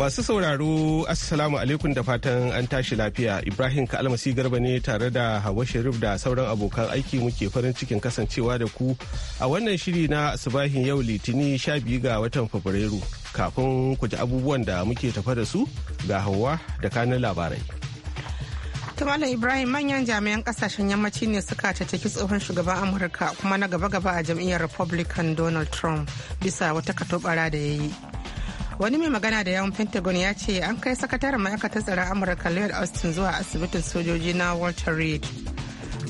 Masu sauraro Assalamu alaikum da fatan an tashi lafiya Ibrahim Kalmasi Garba ne tare da Hawa Sharif da sauran abokan aiki muke farin cikin kasancewa da ku a wannan shiri na asibahin yau litini biyu ga watan Fabrairu kafin ku ji abubuwan da muke tafa da su ga Hawa da kanin labarai. Tumala Ibrahim manyan jami'an kasashen yammaci ne suka tattaki tsohon shugaban Amurka kuma na gaba-gaba a jam'iyyar Republican Donald Trump bisa wata katobara da ya yi. wani mai magana da yawon pentagon ya ce an kai sakataren ma'aikatar tsaron amurka lloyd austin zuwa asibitin sojoji na walter reed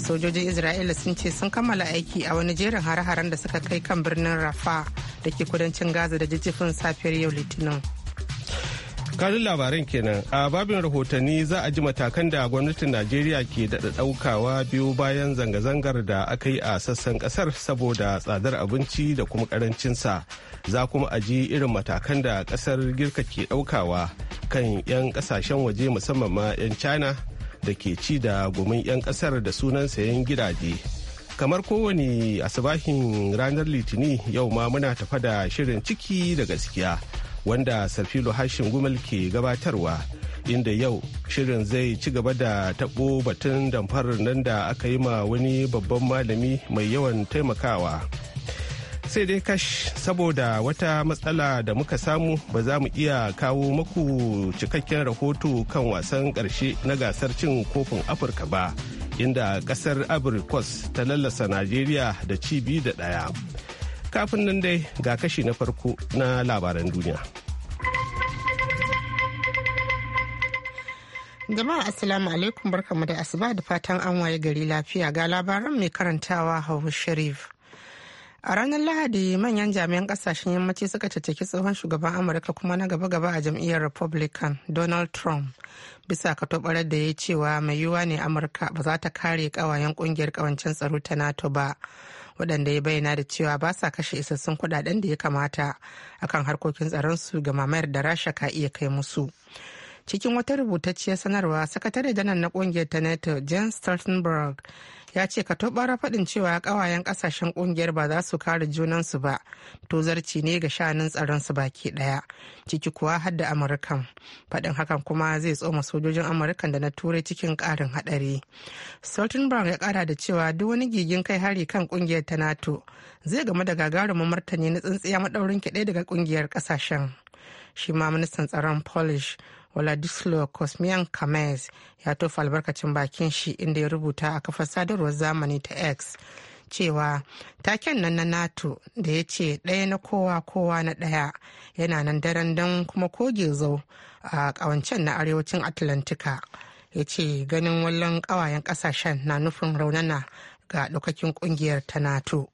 sojojin isra'ila sun ce sun kammala aiki a wani jerin hare-haren da suka kai kan birnin rafa da ke kudancin gaza da jijjifin safiyar yau litinin Karin labaran kenan a babin rahotanni za a ji matakan da gwamnatin Najeriya ke daɗa ɗaukawa biyu bayan zanga-zangar da aka yi a sassan ƙasar saboda tsadar abinci da kuma ƙarancinsa. Za kuma a ji irin matakan da ƙasar Girka ke ɗaukawa kan 'yan ƙasashen waje musamman ma 'yan China da ke ci da gumin 'yan ƙasar da sunan sayan gidaje. Kamar kowane asibahin ranar Litini yau ma muna tafa da shirin ciki da gaskiya. wanda sarfilo hashin gumal ke gabatarwa inda yau shirin zai ci gaba da taɓo batun damfar nan da aka yi ma wani babban malami mai yawan taimakawa sai dai kash saboda wata matsala da muka samu ba za mu iya kawo maku cikakken rahoto kan wasan ƙarshe na gasar cin kofin afirka ba inda ƙasar Abirikos ta lallasa najeriya da cibi da ɗaya kafin nan dai ga kashi na farko na labaran duniya. Jama'a Assalamu alaikum barkamu da asuba da fatan an waye gari lafiya ga labaran mai karantawa Hawu Sharif. A ranar Lahadi manyan jami'an kasashen yammaci suka caccaki tsohon shugaban Amurka kuma na gaba-gaba a jam'iyyar Republican Donald Trump bisa tobarar da ya cewa mai yiwuwa ne Amurka ba za ta kare kawayen kungiyar kawancin tsaro ta NATO ba. waɗanda ya bayyana da cewa ba sa kashe isassun kuɗaɗen da ya kamata akan harkokin tsaronsu ga mamayar da rasha ka iya kai musu cikin wata rubutacciyar sanarwa sakatare janar na ƙungiyar ta nato jan stoltenberg ya ce ka tobara faɗin cewa ƙawayen ƙasashen ƙungiyar ba za su kare junansu ba to zarci ne ga shanun tsaron su baki ɗaya ciki kuwa har da amurkan faɗin hakan kuma zai tsoma sojojin amurkan da na turai cikin ƙarin haɗari brown ya ƙara da cewa duk wani gigin kai hari kan ƙungiyar ta nato zai game da gagarumin martani na tsintsiya madaurin ki daga ƙungiyar ƙasashen shi ma ministan tsaron polish Oladislaw Kosmian Kamez ya tofa albarkacin bakin shi inda ya rubuta a kafar sadarwar zamani ta X cewa taken nan na NATO da ya ce ɗaya na kowa kowa na ɗaya yana nan daren don kuma koge zau a ƙawancen na arewacin Atlantika. ya ce ganin wallon ƙawayen ƙasashen na nufin raunana ga ɗaukakin ƙungiyar ta NATO.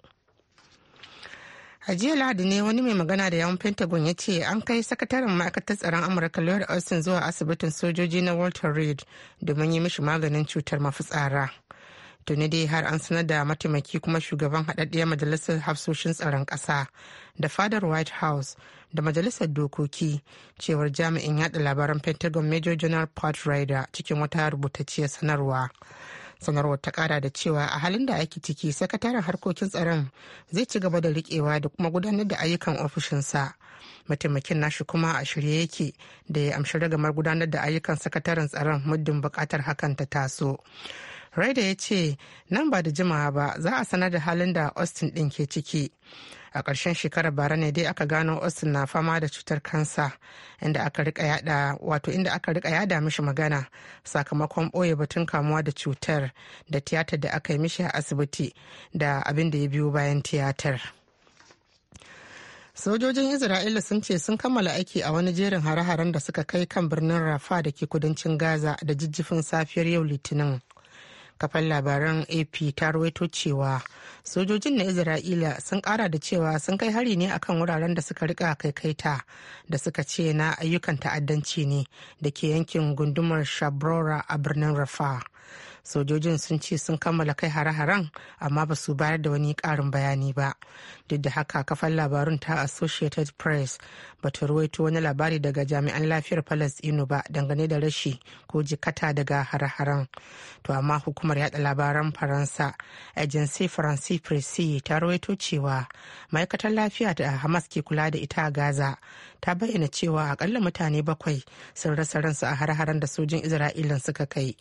a jiya lahadi ne wani mai magana da yawon pentagon ya ce an kai sakataren ma'aikatar tsaron amurka lord austin zuwa asibitin sojoji na walter reed domin yi mishi maganin cutar mafitsara tuni dai har an sanar da mataimaki kuma shugaban haɗaɗɗiyar majalisar hafsoshin tsaron ƙasa da fadar white house da majalisar dokoki cewar jami'in yada labaran pentagon major general pat rider cikin wata rubutacciyar sanarwa sanarwar ta kara da cewa a halin da ake ciki sakataren harkokin tsaron zai ci gaba da rikewa da kuma gudanar da ayyukan ofishinsa mataimakin nashi kuma a shirye yake da ya amshi ragamar gudanar da ayyukan sakataren tsaron muddin bukatar hakan ta taso Raida ya ce nan ba da jimawa ba za a sanar da halin da Austin ɗin ke ciki. A ƙarshen shekarar bara ne dai aka gano Austin na fama da cutar kansa inda aka rika yada wato inda aka rika yada mishi magana sakamakon ɓoye batun kamuwa da cutar da tiyatar da aka yi mishi a asibiti da abin da ya biyo bayan tiyatar. sojojin isra'ila sun ce sun kammala aiki a wani jerin hare-haren da suka kai kan birnin rafa da ke kudancin gaza da jijjifin safiyar yau litinin kafan labaran ap ta ruwaito cewa sojojin na isra'ila sun kara da cewa sun kai hari ne akan wuraren da suka rika kaikaita da suka ce na ayyukan ta'addanci ne da ke yankin gundumar shabrora a birnin rafa sojojin sun ce sun kammala kai hare-haren amma ba su bayar da wani karin bayani ba duk da haka kafar labarun ta associated press ba ta ruwaito wani labari daga jami'an lafiyar palestino ba dangane da rashi ko jikata daga har-haren to amma hukumar yada labaran faransa agency france presse ta ruwaito cewa ma'aikatar lafiya da hamas ke kula da ita a gaza ta bayyana cewa akalla mutane bakwai sun rasa ransu a har-haren da sojin isra'ila suka kai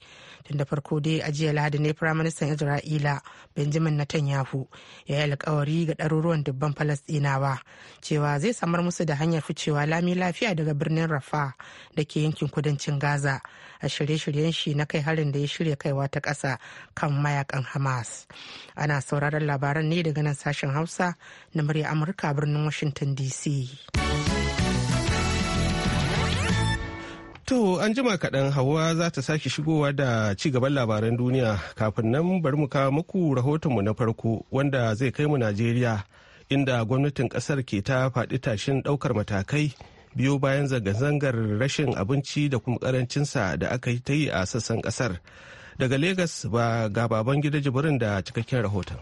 tun da farko dai a jiya lahadi ne firaministan isra'ila benjamin netanyahu ya yi alkawari ga ɗaruruwan ɗaruruwan dubban falasɗinawa cewa zai samar musu da hanyar ficewa lami lafiya daga birnin rafa da ke yankin kudancin gaza a shirye-shiryen shi na kai harin da ya shirya kaiwa ta ƙasa kan mayakan hamas ana sauraron labaran ne daga nan sashen hausa na murya amurka birnin washington dc To an jima kaɗan hawa za ta sake shigowa da ci gaban labaran duniya kafin nan bari mu kawo muku rahotonmu na farko wanda zai kai mu Najeriya inda gwamnatin kasar ke ta faɗi tashin ɗaukar matakai biyu bayan zanga-zangar rashin abinci da kuma karancinsa da aka yi ta yi a sassan kasar daga Legas ba ga baban gida jibirin da cikakken rahoton.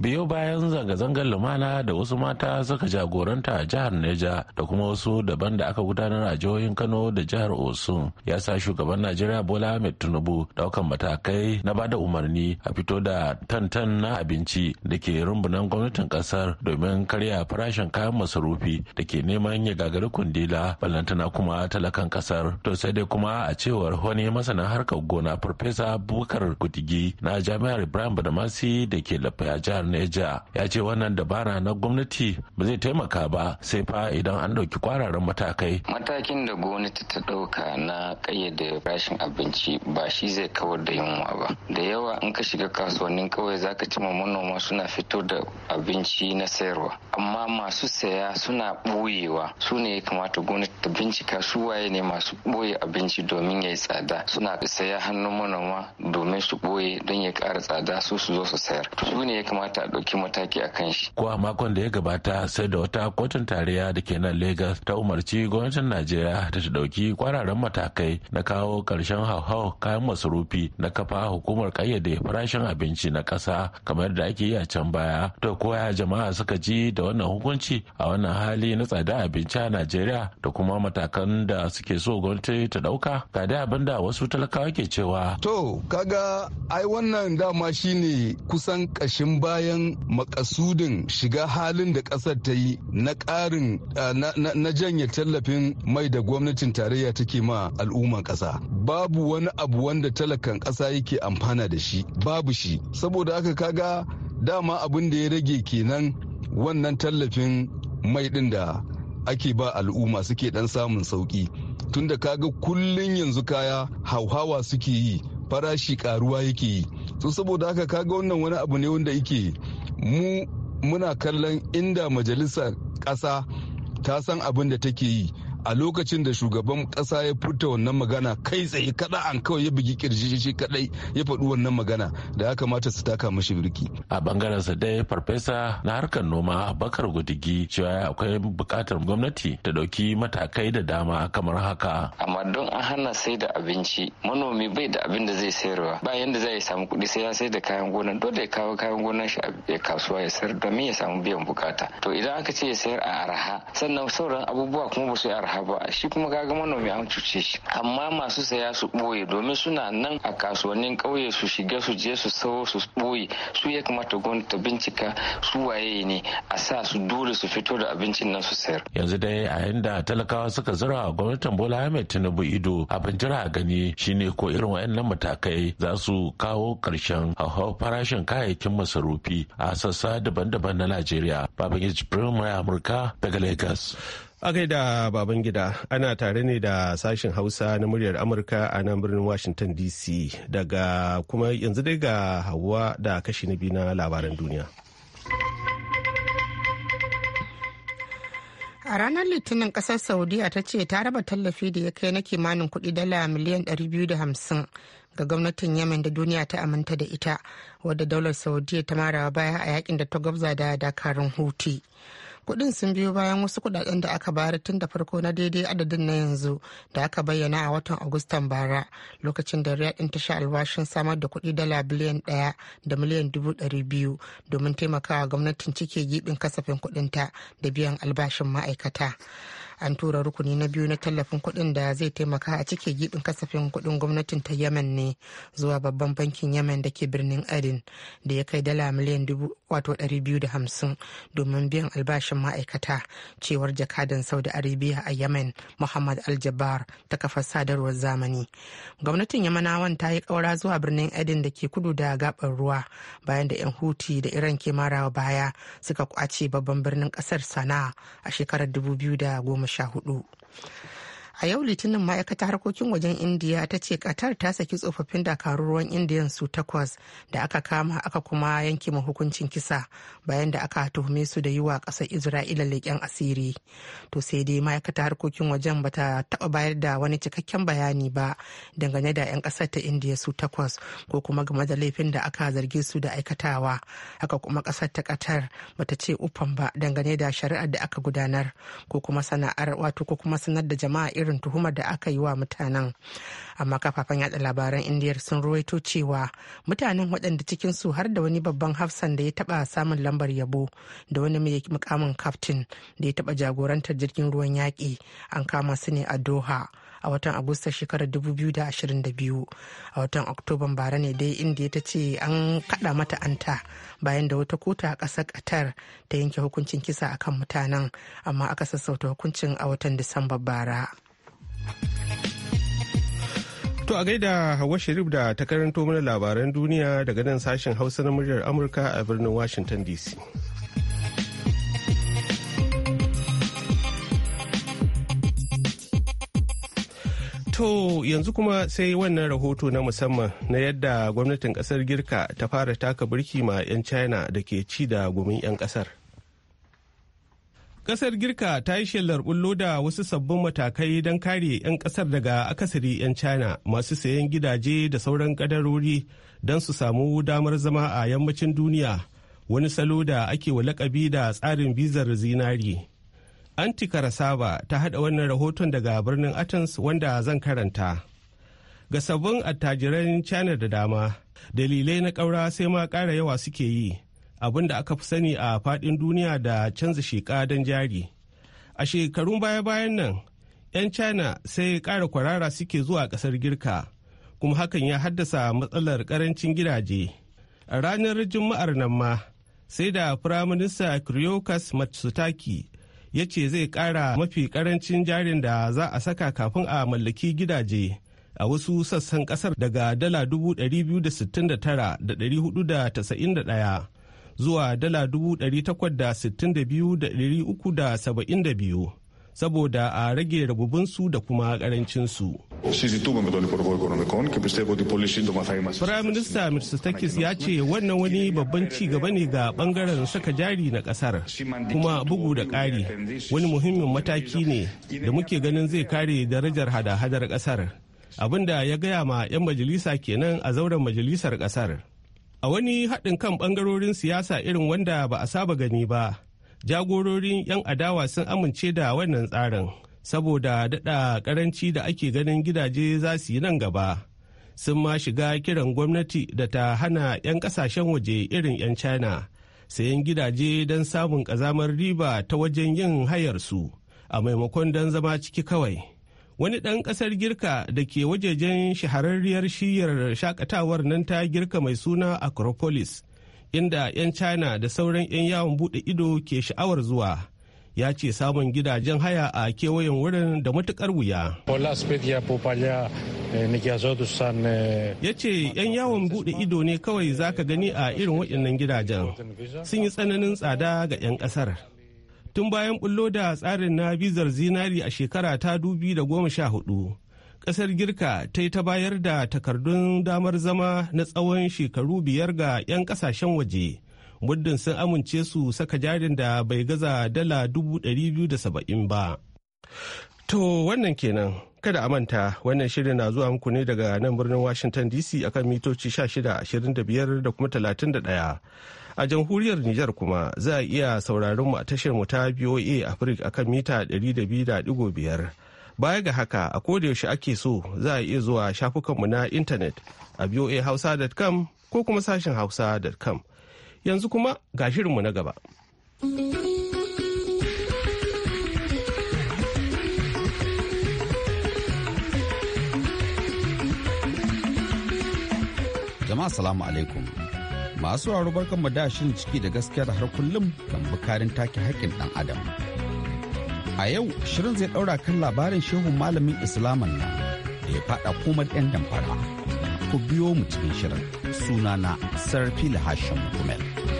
biyo bayan zanga-zangar lumana da wasu mata suka jagoranta a jihar neja da kuma wasu daban da aka gudanar a jihohin kano da jihar osun ya sa shugaban najeriya bola mai tunubu. daukan matakai na bada umarni a fito da tantan na abinci da ke rumbunan gwamnatin kasar domin karya farashin kayan masarufi da ke neman ya gagari kundila ballantana kuma talakan kasar to sai dai kuma a cewar wani masanin harkar gona farfesa bukar kudigi na jami'ar ibrahim badamasi da ke lafiya jihar Niger ya ce wannan dabara na gwamnati ba zai taimaka ba sai fa idan an ɗauki kwararan matakai. Matakin da gwamnati ta ɗauka na ƙayyade rashin abinci ba shi zai kawar da yunwa ba. Da yawa in ka shiga kasuwannin kawai za ka cima manoma suna fito da abinci na sayarwa. Amma masu saya suna ɓoyewa su ne ya kamata gwamnati ta bincika su waye ne masu ɓoye abinci domin ya yi tsada suna saya hannun manoma domin su ɓoye don ya ƙara tsada su su zo su sayar. Su ne ya kamata ta ɗauki mataki a kan shi. Kuwa makon da ya gabata sai da wata kotun tarayya da ke nan Legas ta umarci gwamnatin Najeriya da ta ɗauki kwararan matakai na kawo ƙarshen hauhau kayan masarufi na kafa hukumar ƙayyade farashin abinci na ƙasa kamar da ake yi a can baya. To koya jama'a suka ji da wannan hukunci a wannan hali na tsada abinci a Najeriya da kuma matakan da suke so gwamnati ta ɗauka Ka da abin da wasu talakawa ke cewa. To kaga ai wannan dama shine kusan ƙashin baya bayan makasudin shiga halin da ƙasar ta yi na karin na janye tallafin mai da gwamnatin tarayya take ma al'umman ƙasa babu wani abu wanda talakan ƙasa yake amfana da shi babu shi saboda haka kaga dama abin da ya rage kenan wannan tallafin mai ɗin da ake ba al'umma suke ɗan samun sauƙi tunda kaga kullun yanzu kaya hauhawa suke yi farashi karuwa yake yi so saboda haka kaga wannan wani abu ne wanda yake mu muna kallon inda majalisar ƙasa ta san abin da take yi a lokacin da shugaban kasa ya furta wannan magana kai tsaye kada an kawai ya bugi kirji shi kadai ya faɗi wannan magana da ya kamata su taka mashi birki a bangaren sa dai farfesa na harkar noma bakar gudigi cewa akwai bukatar gwamnati ta dauki matakai da dama kamar haka amma don an hana sai da abinci manomi bai da abin da zai sayarwa ba yanda zai samu kuɗi sai ya sai da kayan gonan dole ya kawo kayan gonan shi a kasuwa ya sayar domin ya samu biyan bukata to idan aka ce ya sayar a araha sannan sauran abubuwa kuma ba su yi araha arhaba shi kuma kaga manomi an cuce shi amma masu saya su ɓoye domin suna nan a kasuwannin ƙauye su shiga su je su sawo su ɓoye su ya kamata gwamnati ta bincika su waye ne a sa su dole su fito da abincin nan su sayar. yanzu dai a yanda talakawa suka zura gwamnatin bola ahmed tinubu ido abin jira a gani shine ko irin waɗannan matakai za su kawo ƙarshen hauhawar farashin kayayyakin masarufi a sassa daban-daban na najeriya babangiji firimar amurka daga lagos. A da baban gida ana tare ne da sashen Hausa na muryar Amurka a nan birnin Washington DC daga kuma yanzu dai ga hawa da kashi na biyu na labaran duniya. A ranar Litinin kasar Saudiya ta ce ta raba tallafi da ya kai na kimanin kuɗi dala miliyan 250 ga gwamnatin Yemen da duniya ta aminta da ita wadda daular Saudiya ta marawa baya a yakin da ta gwabza da dakarun Houthi. kuɗin sun biyo bayan wasu kuɗaɗen da aka bayar tun da farko na daidai adadin na yanzu da aka bayyana a watan agustan bara lokacin da riyadin ta sha albashin samar da kuɗi dala biliyan ɗaya da miliyan dubu ɗari biyu domin taimakawa gwamnatin cike gibin kasafin kuɗinta da biyan albashin ma'aikata. an tura rukuni na biyu na tallafin kuɗin da zai taimaka a cike gibin kasafin kuɗin gwamnatin ta yemen ne zuwa babban bankin yemen da ke birnin adin da ya kai dala miliyan wato hamsin domin biyan albashin ma'aikata cewar jakadan saudi arabia a yemen muhammad aljabar ta kafar sadarwar zamani gwamnatin yamanawan ta yi ƙaura zuwa birnin adin da ke kudu da gabar ruwa bayan da 'yan huti da iran ke marawa baya suka kwace babban birnin ƙasar sana'a a shekarar 2010下葫芦。a yau litinin ma'aikatar harkokin wajen indiya ta ce qatar ta saki tsofaffin dakarun ruwan indiyan su takwas da aka kama aka kuma yanke ma hukuncin kisa bayan da aka tuhume su da yi wa ƙasar isra'ila leƙen asiri to sai dai ma'aikatar harkokin wajen ba ta taɓa bayar da wani cikakken bayani ba dangane da 'yan ƙasar ta indiya su takwas ko kuma game da laifin da aka zarge su da aikatawa haka kuma ƙasar ta qatar ta ce ufan ba dangane da shari'ar da aka gudanar ko kuma sana'ar wato ko kuma sanar da jama'a irin irin tuhumar da aka yi wa mutanen amma kafafen yada labaran indiyar sun ruwaito cewa mutanen waɗanda cikin su har da wani babban hafsan da ya taɓa samun lambar yabo da wani mai mukamin kaftin da ya taɓa jagorantar jirgin ruwan yaƙi an kama su ne a doha a watan agusta shekarar 2022 a watan oktoba bara ne dai inda ta ce an kada mata anta bayan da wata kota a ƙasar qatar ta yanke hukuncin kisa akan mutanen amma aka sassauta hukuncin a watan disamba bara. To a gaida Hauwa Sharif da ta karanto mana labaran duniya daga nan sashen Hausa na muryar Amurka a birnin Washington DC. To yanzu kuma sai wannan rahoto na musamman na yadda gwamnatin kasar Girka ta fara taka birki ma 'yan China da ke ci da gumin 'yan kasar. Kasar Girka ta yi shelar bullo da wasu sabbin matakai don kare 'yan kasar daga akasari 'yan China masu sayan gidaje da sauran kadarori don su samu damar zama a yammacin duniya wani salo da ake wa lakabi da tsarin bizar zinari. Anti Karasaba ta haɗa wannan rahoton daga birnin Athens wanda zan karanta. Ga sabbin attajiran China da dama, dalilai na ƙaura sai ma ƙara yawa suke yi. abin da aka fi sani a faɗin duniya da canza sheka don jari a shekarun baya-bayan nan 'yan china sai ƙara kwarara suke zuwa ƙasar girka kuma hakan ya haddasa matsalar ƙarancin gidaje a ranar juma'ar nan ma sai da firaminista Kriokas Matsutaki ya ce zai ƙara mafi ƙarancin jarin da za a saka kafin a mallaki gidaje a wasu sassan kasar daga dala zuwa dala biyu saboda a rage rabubinsu da kuma karancinsu. firaminista Minista Mitsotakis ya ce wannan wani babban ci gaba ne ga bangaren saka jari na kasar kuma bugu da ƙari wani muhimmin mataki ne da muke ganin zai kare darajar hada-hadar kasar abinda ya gaya ma 'yan majalisa kenan a zauren majalisar kasar. A wani haɗin kan ɓangarorin siyasa irin wanda ba a saba gani ba, jagororin 'yan adawa sun amince da wannan tsarin saboda daɗa ƙaranci da ake ganin gidaje za su yi nan gaba. Sun ma shiga kiran gwamnati da ta hana 'yan ƙasashen waje irin 'yan China sayan gidaje don samun ƙazamar riba ta wajen yin hayarsu a maimakon don zama ciki kawai. wani ɗan ƙasar girka da ke wajejen shahararriyar shiyar shakatawar nan ta girka mai suna acropolis inda 'yan china da sauran 'yan yawon buɗe ido ke sha'awar zuwa ya ce samun gidajen haya a kewayen wurin da matukar wuya ya ce 'yan yawon buɗe ido ne kawai zaka gani a irin waɗannan gidajen sun yi tsananin tsada ga 'yan ƙasar tun bayan bullo da tsarin na bizar zinari a shekara ta sha hudu ƙasar girka ta yi ta bayar da takardun damar zama na tsawon shekaru biyar ga 'yan ƙasashen waje muddin sun amince su saka jarin da bai gaza dala saba'in ba to wannan kenan kada a manta wannan shirin na zuwa muku ne daga nan birnin washington dc akan mitoci 16 25 da kuma 31 A jamhuriyar Nijar kuma za a iya sauraron mu a tashar mu ta BOA Africa akan mita 200.5. Baya ga haka a koda yaushe ake so za a iya zuwa shafukan mu na intanet a boahausa.com ko kuma sashen hausa.com. Yanzu kuma ga mu na gaba. Jama'a salamu alaikum. masu raro barkan madashin ciki da gaskiya da har kullum kan bukarin take haƙƙin ɗan adam a yau shirin zai ɗaura kan labarin shehun malamin islaman nan da ya faɗa komar 'yan damfara ku biyo mu cikin shirin sunana sarfi hashim kumel.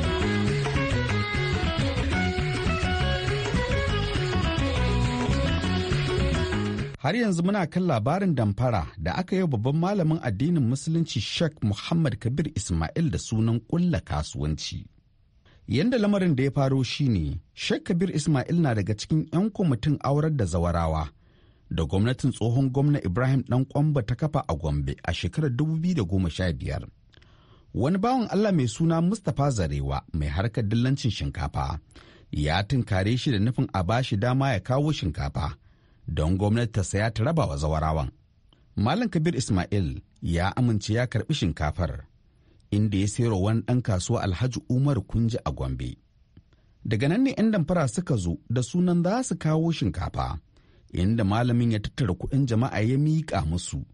har yanzu muna kan labarin damfara da aka yi babban malamin addinin musulunci sheikh muhammad kabir ismail da sunan ƙulla kasuwanci Yanda lamarin da ya faro ne, sheikh kabir ismail na daga cikin 'yan kwamitin aurar da zawarawa da gwamnatin tsohon gwamna ibrahim ɗan kwamba ta kafa a gombe a shekarar 2015 wani bawan allah mai suna mustapha zarewa mai harkar dillancin shinkafa ya tunkare shi da nufin a bashi dama ya kawo shinkafa don gwamnati ta saya ta raba wa zawarawan. Malam Kabir Ismail ya amince ya karɓi shinkafar inda ya sayar wani ɗan kasuwa Alhaji Umar Kunji a Gombe. Daga nan ne 'yan damfara suka zo da sunan za su kawo shinkafa inda malamin ya tattara kuɗin jama'a ya miƙa musu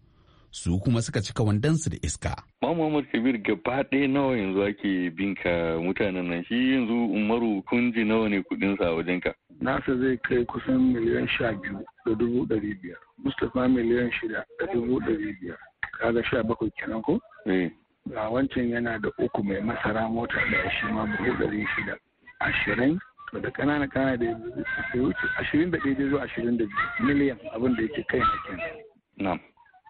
su kuma suka cika wandansu da iska. Muhammad Kabir gaba ɗaya nawa yanzu ake binka mutanen nan shi yanzu Umaru kunji nawa ne kuɗinsa wajen ka? Nasa zai kai kusan miliyan sha biyu da dubu ɗari biyar. Mustapha miliyan shida da dubu ɗari biyar. Kaga sha bakwai kenan ko? Eh. Ga wancan yana da uku mai masara mota da shi ma dubu ɗari shida. Ashirin to da ƙanana ƙanana da ashirin da ɗaya zuwa ashirin da biyu miliyan abin da yake kai na kenan.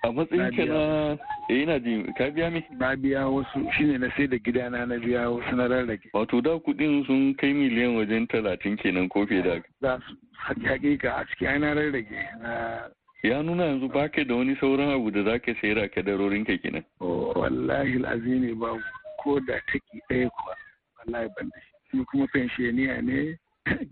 a matsayin ka na eh ina ji ka biya mi na biya wasu shine na sai da gidana na biya wasu na rarrake wato da kudin sun kai miliyan wajen talatin kenan ko fiye da za su hakika a ciki ana na. ya nuna yanzu ba ka da wani sauran abu da za ka sayar a kadarorin ka kenan wallahi azini ba ko da take ɗaya kuwa wallahi ban da shi kuma fensheniya ne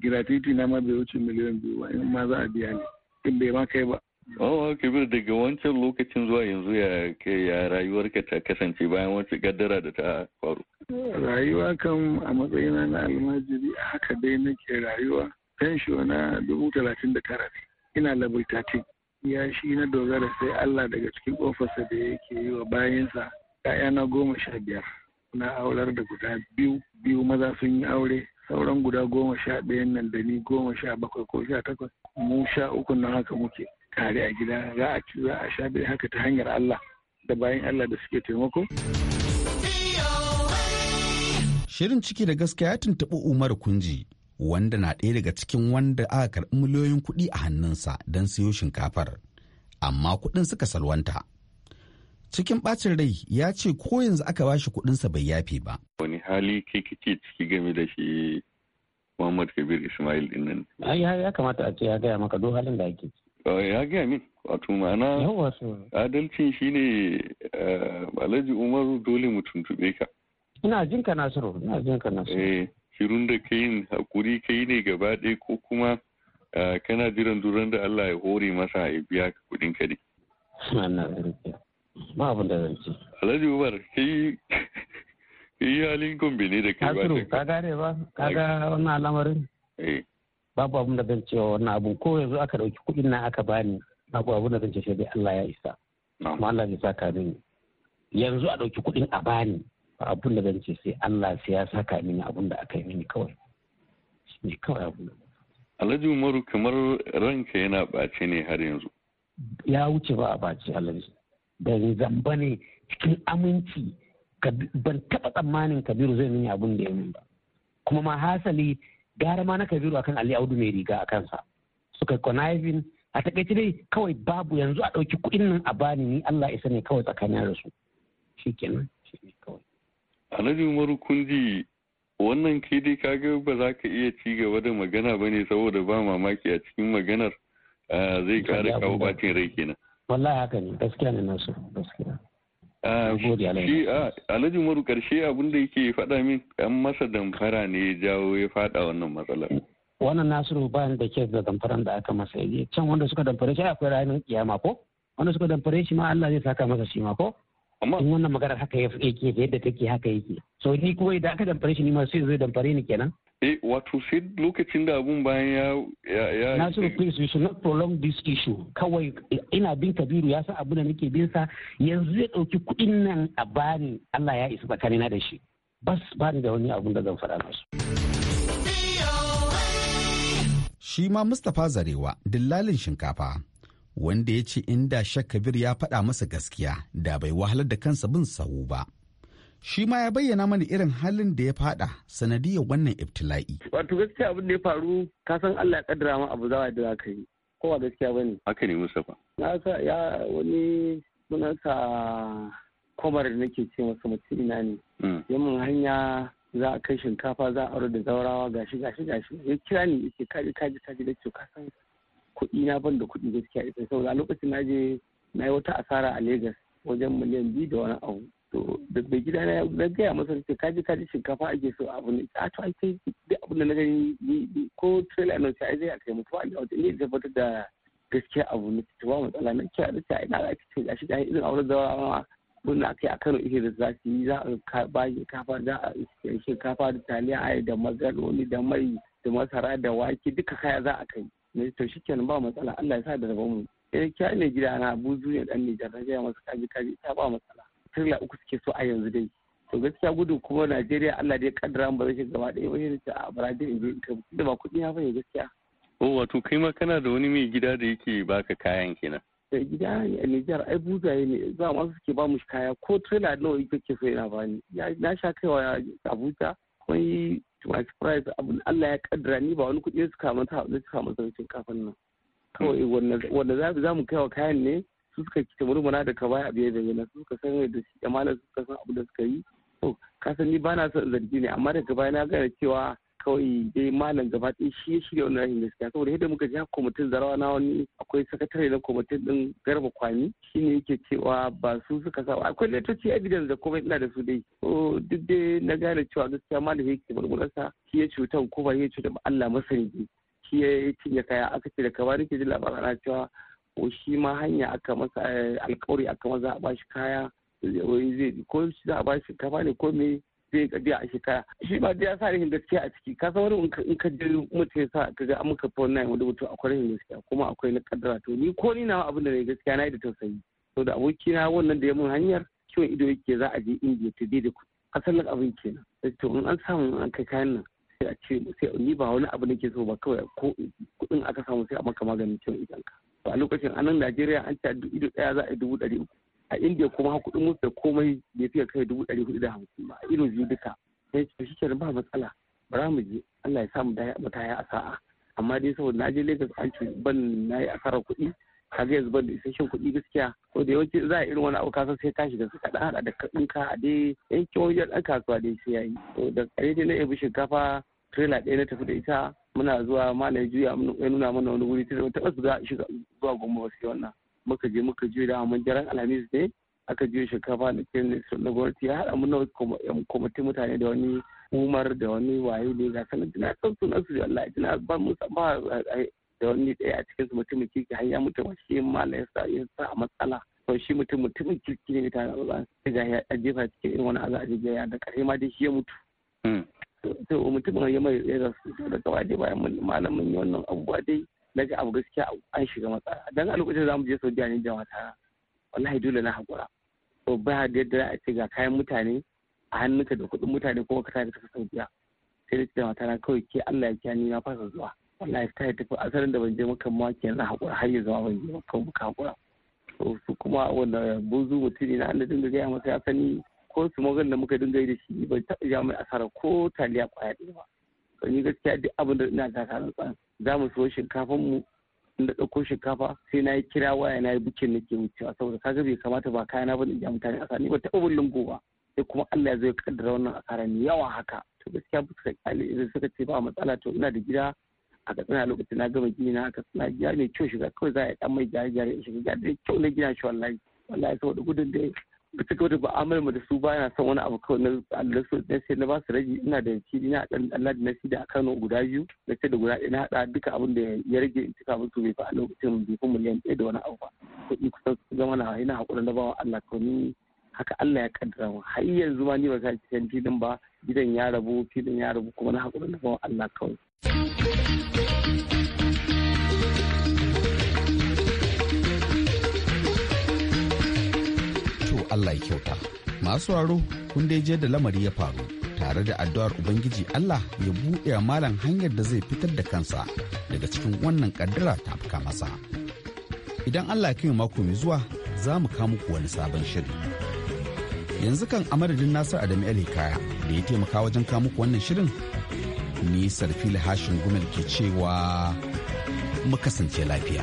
gratuity na ma bai wuce miliyan biyu ba in ma za a biya ne in bai ma kai ba awa Kabir daga wancan lokacin zuwa yanzu ya ke ya rayuwarka ta kasance bayan wancan gaddara da ta faru. Rayuwa kan a matsayina na almajiri a haka dai nake rayuwa. Fensho na dubu talatin da tara ne. Ina labar thirteen. Ya shi na dogara sai Allah daga cikin ofisa da yake yi wa bayansa. ‘Ya'yana goma sha biyar. Na aular da guda biyu, biyu maza sun yi aure, sauran guda goma sha ɗayan nan da ni goma sha bakwai ko sha takwas. Mu sha uku na haka muke. Kare a gida za a ci za a sha bai haka ta hanyar Allah da bayan Allah da suke taimako. Shirin ciki da gaskiya ya tuntuɓi Umar Kunji wanda na ɗaya daga cikin wanda aka karɓi miliyoyin kuɗi a hannunsa don siyo shinkafar amma kuɗin suka salwanta. cikin ɓacin rai ya ce ko yanzu aka bashi kuɗinsa bai yafe ba. Wani hali kai kake ciki game da shi Muhammad Kabir Ismail din nan. Ya kamata a ce ya gaya maka duk halin da ake ci. Eh, ya gaya min wato ma'ana adalcin shine eh, alhaji umar dole mu tuntube ka ina jin ka nasiru ina jin ka nasiru eh shirun da ka yin hakuri ka yi ne gaba ɗaya ko kuma eh, kana jiran duran da Allah ya hore masa ya biya ka kuɗin ka ne ba abin da zan ce alhaji umar kai kai halin gombe ne da kai ba ka gane ba ka ga wannan al'amarin babu abin da zan cewa wannan abun ko yanzu aka dauki kuɗin na aka bani babu abin da zan ce sai dai Allah ya isa kuma Allah zai saka min yanzu a ɗauki kuɗin a bani ba abin da zan ce sai Allah sai ya saka min abin da aka yi mini kawai ne kawai abin Alhaji Umaru kamar ranka yana bace ne har yanzu ya wuce ba a ɓace Alhaji da zamba ne cikin aminci ban taɓa tsammanin Kabiru zai mini abin da ya min ba kuma ma hasali gara ma na kabiru akan ali audu mai riga a kansa suka conniving a takaice dai kawai babu yanzu a ɗauki kuɗin nan a bani ni Allah isa ne kawai tsakanin da su shikenan shine kawai Alhaji Umaru Kundi wannan kai dai kaga ba za ka iya ci gaba da magana ba ne saboda ba mamaki a cikin maganar ah, zai kara kawo bacin rai kenan wallahi haka ne gaskiya ne nasu gaskiya Ah, ah, Alhaji Umaru karshe abin da yake faɗa min an masa damfara ne ya jawo ya faɗa wannan matsalar. Wannan Nasiru bayan da ke da damfaran da aka masa yi can wanda suka damfare shi akwai ranar kiyama ko wanda suka damfare shi ma Allah zai saka masa shi ma ko amma wannan magana haka yake yadda take haka yake so ni kuma idan aka damfare shi ni ma sai zai damfare ni kenan eh wato sai lokacin da abun bayan ya ya Nasiru eh. please we should not prolong this issue kawai ina bin Kabiru ya san abin da nake bin sa yanzu zai dauki kudin nan a bani Allah ya isa na da shi bas bani da wani abun da zan faɗa musu shi ma Mustapha Zarewa dillalin shinkafa wanda ya ce inda Shakabir ya faɗa masa gaskiya da bai wahalar da kansa bin sawu ba shi ma ya bayyana mana irin halin da ya faɗa sanadiyar wannan ibtila'i. wato gaskiya abin da ya faru ka san allah ya kaddara ma abu zawa da za ka ko ba gaskiya ba ne haka ne musa fa. na sa ya wani sunansa kwamar da nake ce masa mutum ina ne hmm. mun hanya za a kai shinkafa za a aro da zaurawa gashi gashi gashi ya kira ni yake kaji kaji kaji da ka san kuɗi na ban da kuɗi gaskiya isa saboda a lokacin na je na yi wata asara a Legas wajen miliyan biyu da wani abu to da bai gida na na gaya masa ce kaji kaji shinkafa ake so abu ne a to ake duk abin da na gani ko trailer na ce ai zai a yi mutuwa a wajen ne tabbatar da gaskiya abu ne ta ba matsala na kira a da ce ina ake ce gashi da irin auren zawa ma mun da aka yi a Kano ihe da za su yi za a ba shinkafa za a shinkafa da taliya ai da magaroni da mai da masara da wake duka kaya za a kai ne to shikenan ba matsala Allah ya sa da rabon mu eh kya ne gida na buzu ne dan Nijar na ya masa kaji kaji ta ba matsala tirla uku suke so a yanzu dai to gaskiya gudu kuma Najeriya Allah dai kaddara mu ba zai gaba dai ba shi a Brazil in je in kai da ba kuɗi na bane gaskiya oh wato kai ma kana da wani mai gida da yake baka kayan kenan da gida ne a Nijar ai buzaye ne za mu suke ba mu kaya ko trailer nawa yake so yana bani na sha kaiwa Abuja akwai tomato price abin Allah ya kaddara ni ba wani kuɗi suka mata da suka mata nan kawai hmm. wanda za mu kai wa kayan ne su suka kike murmuna da ka baya biye da yana su suka san da shi amana su suka san abu da suka yi to ka san ni bana son zargi ne amma daga baya na gane cewa kawai dai malam gaba ɗaya shi ya shirya wannan rashin gaskiya saboda yadda muka ji kwamitin zarawa na wani akwai sakatare na kwamitin din garba kwani shine yake cewa ba su suka sa akwai letoci evidence da kuma ina da su dai so duk dai na gane cewa gaskiya malam yake sa shi ya cutan ko ba ya cuta ba Allah masani shi ya cinye kaya aka ce da kaba nake ji labarin ana cewa ko shi ma hanya aka masa eh, alkawari aka maza a bashi kaya ko za a bashi kafa ne ko me sai ka biya a shekara shi ba ya sa rashin gaskiya a ciki ka wani in ka je mutum ya sa ka ga an muka fawon nayin wani mutum akwai rashin gaskiya kuma akwai na kaddara to ni ko ni na abin da na gaskiya na yi da tausayi to da na wannan da ya mun hanyar kiwon ido yake za a je indiya ta da kuɗi asalin abin kenan eh, to in an samu an kai kayan nan sai a ce sai ni ba wani abu nake so ba kawai ko kuɗin aka samu sai a maka maganin kiwon idan ka a lokacin anan Najeriya an ce ido ɗaya za a yi dubu ɗari uku a indiya kuma haka kudin wuce komai bai fiye kai dubu ɗari hudu da hamsin ba irin biyu duka sai ce shi ba matsala za mu je Allah ya samu mu ta ya sa'a amma dai saboda na je Lagos an ce ban na yi asarar kuɗi kaga yanzu ban da isasshen kuɗi gaskiya ko da yawanci za a irin wani abu kasan sai tashi da suka haɗa da kaɗin ka a dai yankin wani ɗan kasuwa dai sai ya to da ƙare dai na yabi shinkafa trailer ɗaya na tafi da ita muna zuwa malam juya ya nuna mana wani wuri ta taɓa zuwa zuwa gombe wasu wannan muka je muka juya da mun jaran alhamis ne aka juya shinkafa da ke na gwamnati ya haɗa na kwamitin mutane da wani umar da wani waye ne ga sanar na san sunan su wallahi tana ba mu ba eh, da wani ɗaya a cikin su mutumin kirki har ya mutu shi ma na sa ya sa a matsala to shi mutum mutumin kirki ne ta ba ga ya jefa cikin irin wani azabi ya da kare ma dai shi ya mutu hmm. to mutumin ya mai ya da su da gaba dai bayan malamin wannan abubuwa dai na ga abu gaskiya an shiga matsala dan a lokacin zamu je Saudiya ne da mata wallahi dole na hakura to ba yadda a ce ga kayan mutane a hannunka da kuɗin mutane kuma ka tafi ka Saudiya sai da mata tana kawai ke Allah ya kiyani ni na fasa zuwa wallahi ta tafi asalin da ban je maka ma kenan na hakura har yanzu zama ban je maka ba hakura to su kuma wanda buzu mutum na Allah dinga gaya masa ya sani ko su magan da muka dinga yi da shi ban taɓa ja mai asara ko taliya kwaya ɗaya ba to ni gaskiya duk abin da ina taka tsan za mu siyo shinkafan mu in da ɗauko shinkafa sai na yi kira waya na yi bukin ke wucewa saboda kaga bai kamata ba kayana ba da mutane a ni ba ta taɓa bullin ba. sai kuma Allah ya zo ya kaddara wannan asara ne yawa haka to gaskiya ba su kali idan suka ce ba matsala to ina da gida a katsina lokacin na gama gini na aka tsina gida mai kyau shiga kawai za a yi dan mai gyare gyare shiga gida kyau na gina shi wallahi wallahi saboda gudun da ba ci ba da mu da su ba na son wani abu kawai na allasu na sai na ba su rage ina da yanki ina dan Allah na shi da a Kano guda biyu na ce da guda ɗaya na haɗa duka abin da ya rage in cika musu bai fa a lokacin bai miliyan ɗaya da wani abu ba kuɗi kusan su zama na ina haƙuri na bawa Allah ko ni haka Allah ya kaddara mu har yanzu ma ni ba ka cikin filin ba gidan ya rabu filin ya rabu kuma na haƙuri na bawa Allah kawai. Allah ya kyauta. Masu waro kun dai je da lamari ya faru tare da addu'ar Ubangiji Allah ya buɗe malam hanyar da zai fitar da kansa daga cikin wannan kaddara ta afka masa. Idan Allah ya kai mako mai zuwa za mu kawo muku wani sabon shiri. Yanzu kan a madadin Nasir Adamu Hikaya da ya taimaka wajen kawo muku wannan shirin ni Sarfil Hashin Gumel ke cewa mu kasance lafiya.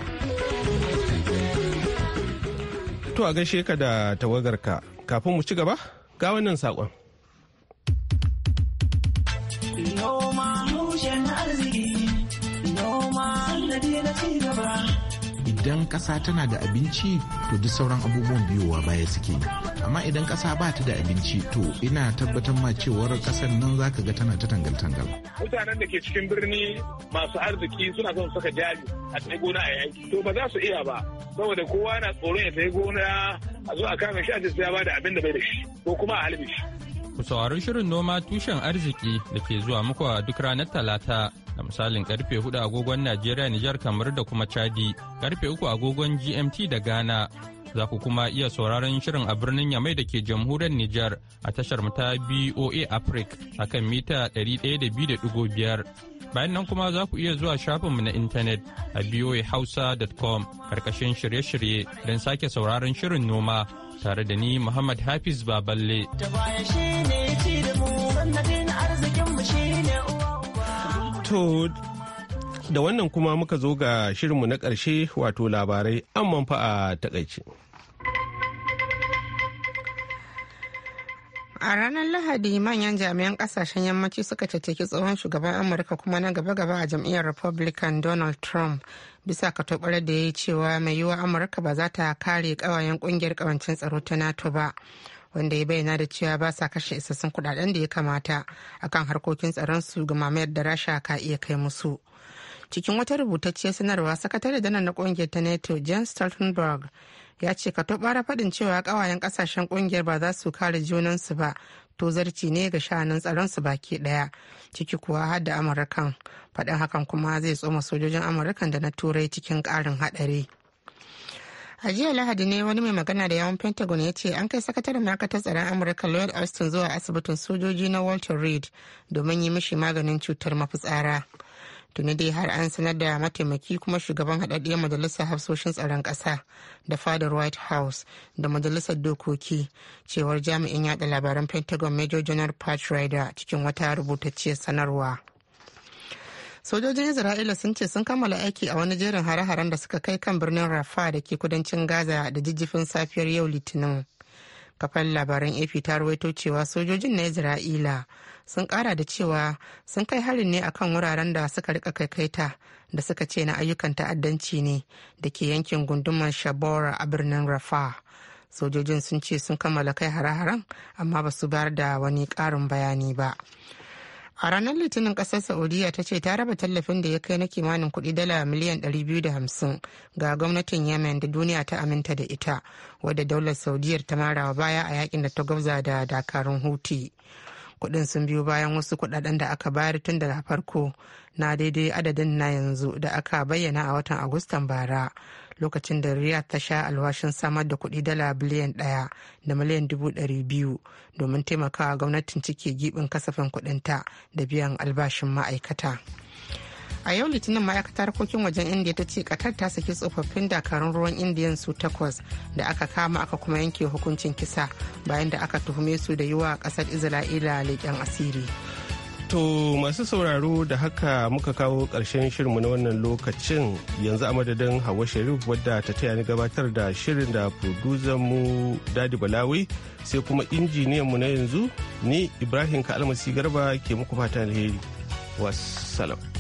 to a gaishe ka da tawagarka kafin mu ci gaba ga wannan saƙon. Noma arziki, noma na ci gaba. idan kasa tana da abinci to duk sauran abubuwan biyowa baya suke amma idan ƙasa ba ta da abinci to ina tabbatar ma cewar kasar nan za ka ga tana ta tangal-tangal. mutanen da ke cikin birni masu arziki suna son saka jari a tsaye gona a yanki to ba za su iya ba saboda kowa na tsoron ya tsaye gona a zo a kama shi a ya ba da abin da bai da shi ko kuma a halbe ku saurari shirin noma tushen arziki da ke zuwa muku a duk ranar talata da misalin karfe 4 agogon Najeriya Nijar kamar da kuma Chadi, karfe 3 agogon GMT da Ghana. Za ku kuma iya sauraron shirin a birnin Yamai da ke jamhuriyar Nijar a tashar ta BOA Africa a kan mita 102.5. Bayan nan kuma za ku iya zuwa shafinmu na intanet a boahausa.com karkashin shirye-shirye don sake sauraron shirin noma tare da ni Muhammad Hafiz Baballe. To da wannan kuma muka zo ga shirinmu na ƙarshe wato labarai amman fa a takaice. A ranar Lahadi manyan jami'an kasashen yammaci suka caccaki tsohon shugaban Amurka kuma na gaba-gaba a jam'iyyar Republican Donald Trump bisa katobar da ya yi cewa mai yiwuwa Amurka ba za ta kare kawayen kungiyar kawancin tsaro ta NATO ba. wanda ya bayyana da cewa ba sa kashe isassun kudaden da ya kamata akan harkokin tsaron su ga mamayar da rasha ka iya kai musu cikin wata rubutacciyar sanarwa sakatare janar na kungiyar ta nato jan stoltenberg ya ce ka tobara faɗin cewa ƙawayen ƙasashen ƙungiyar ba za su kare junansu ba to zarci ne ga shanun tsaron su baki ɗaya ciki kuwa har da amurkan faɗin hakan kuma zai tsoma sojojin amurkan da na turai cikin ƙarin haɗari. a jiya lahadi ne wani mai magana da yawon pentagon ya ce an kai sakataren ma'aikatar tsaron amurka lloyd austin zuwa asibitin sojoji na walter reed domin yi mishi maganin cutar mafitsara. tuni dai har an sanar da mataimaki kuma shugaban haɗaɗɗiyar majalisar hafsoshin tsaron ƙasa da fadar white house da majalisar dokoki cewar jami'in yada labaran pentagon major general pat rider cikin wata rubutacciyar sanarwa sojojin isra'ila sun ce sun kammala aiki a wani jerin hare-haren da suka kai kan birnin rafa da ke kudancin gaza da jijjifin safiyar yau litinin kafan labaran ap ta ruwaito cewa sojojin na isra'ila sun kara da cewa sun kai harin ne akan wuraren da suka rika kaikaita da suka ce na ayyukan ta'addanci ne da ke yankin gunduman shabora a birnin rafah sojojin sun ce sun kammala kai hare-haren amma ba su bayar da wani karin bayani ba a ranar litinin kasar saudiya ta ce ta raba tallafin da ya kai na kimanin kuɗi dala miliyan 250 ga gwamnatin yemen da duniya ta aminta da ita wadda daular saudiyar ta marawa baya a yakin da ta gwabza da dakarun huti kuɗin sun biyo bayan wasu kudaden da aka bayar tun daga farko na daidai adadin na yanzu da aka bayyana a watan agustan bara lokacin da riyadh ta sha alwashin samar da kuɗi dala biliyan ɗaya da miliyan dubu ɗari biyu domin taimakawa gwamnatin cike gibin kasafin kuɗinta da biyan albashin ma'aikata. a yau litinin ma'aikatar harkokin wajen indiya ta ce katar ta saki tsofaffin dakarun ruwan indiyan su takwas da aka kama aka kuma yanke hukuncin kisa bayan da aka tuhume su da yi wa kasar isra'ila leƙen asiri To masu sauraro da haka muka kawo ƙarshen shirinmu na wannan lokacin yanzu a madadin Hawa Sharif wadda ta taya ni gabatar da shirin da mu Dadi Balawi sai kuma injiniyanmu na yanzu ni Ibrahim ka almasi Garba ke muku fatan alheri. salam